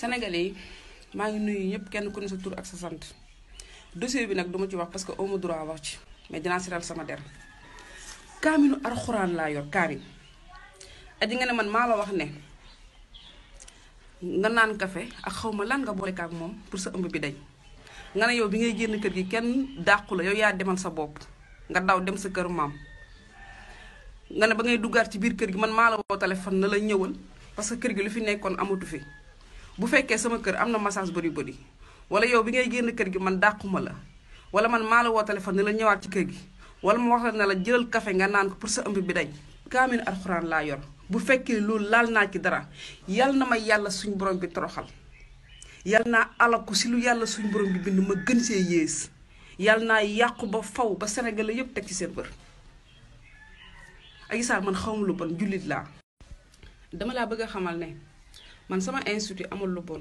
sénégalais yi maa ngi nuyu ñëpp kenn ku ne sa tur ak sa sant dossier bi nag duma ci wax parce que amu droit wax ci mais dinaa siral sama der kaamilu alxuraan laa yor kaamil di nga ne man maa la wax ne nga naan kafe ak xaw ma lan nga boole kaak moom pour sa ëmb bi dañ nga ne yow bi ngay génn kër gi kenn dàqu la yow yaa demal sa bopp nga daw dem sa kër maam nga ne ba ngay duggaat ci biir kër gi man maa la woo téléphone na la ñëwal parce que kër gi lu fi nekkoon amatu fi bu fekkee sama kër am na massage bëri bëri wala yow bi ngay génn kër gi man dàquma la wala man maa la woo téléphone ne la ñëwaat ci kër gi wala ma wax la ne la jëlal kafe nga naan ko pour sa ëmb bi dañ kaamil alxuraan laa yor bu fekkee loolu laal naa ci dara yal na ma yàlla suñ borom bi toroxal yal naa alaku si lu yàlla suñ borom bi bind ma gën see yées yal naa yàqu ba faw ba Sénégal yëpp teg ci seen bër Adji Sarr man xawma lu bon jullit laa dama bëgg a xamal ne man sama institut amul lu bon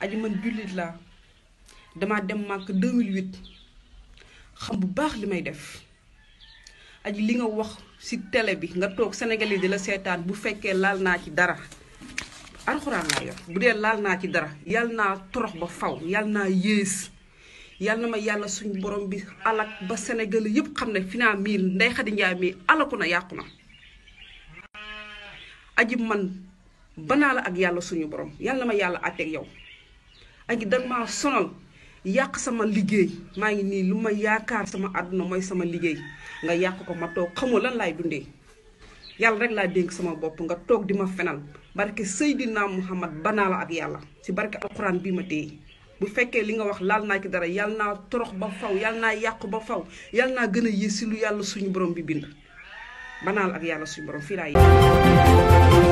aji man jullit laa dama dem màkk 2008 xam bu baax li may def aji li nga wax ci tele bi nga toog Sénégalais di la seetaan bu fekkee laal naa ci dara alxuraan bu dee laal naa ci dara yal naa torox ba faw yal naa yées yal na ma yàlla suñu borom bi alak ba Sénégal yëpp xam ne fi naa miir Ndeye Khady Ndiaye mii alaku na yàqu na aji man banaa la ak yàlla suñu borom yàlla ma yàlla àtteeg yow aji danga maa sonal yàq sama liggéey maa ngi nii lu ma yaakaar sama àdduna mooy sama liggéey nga yàq ko ma toog xamoo lan laay dundee yàlla rek laa dénk sama bopp nga toog di ma fenal barke Seydina Muhammad banaa la ak yàlla si barke alxuraan bii ma téye bu fekkee li nga wax laal naa ci dara yàlla naa torox ba faw yàlla naa yàqu ba faw yàlla naa gën a yées si lu yàlla suñu borom bi bind banaa la ak yàlla suñu borom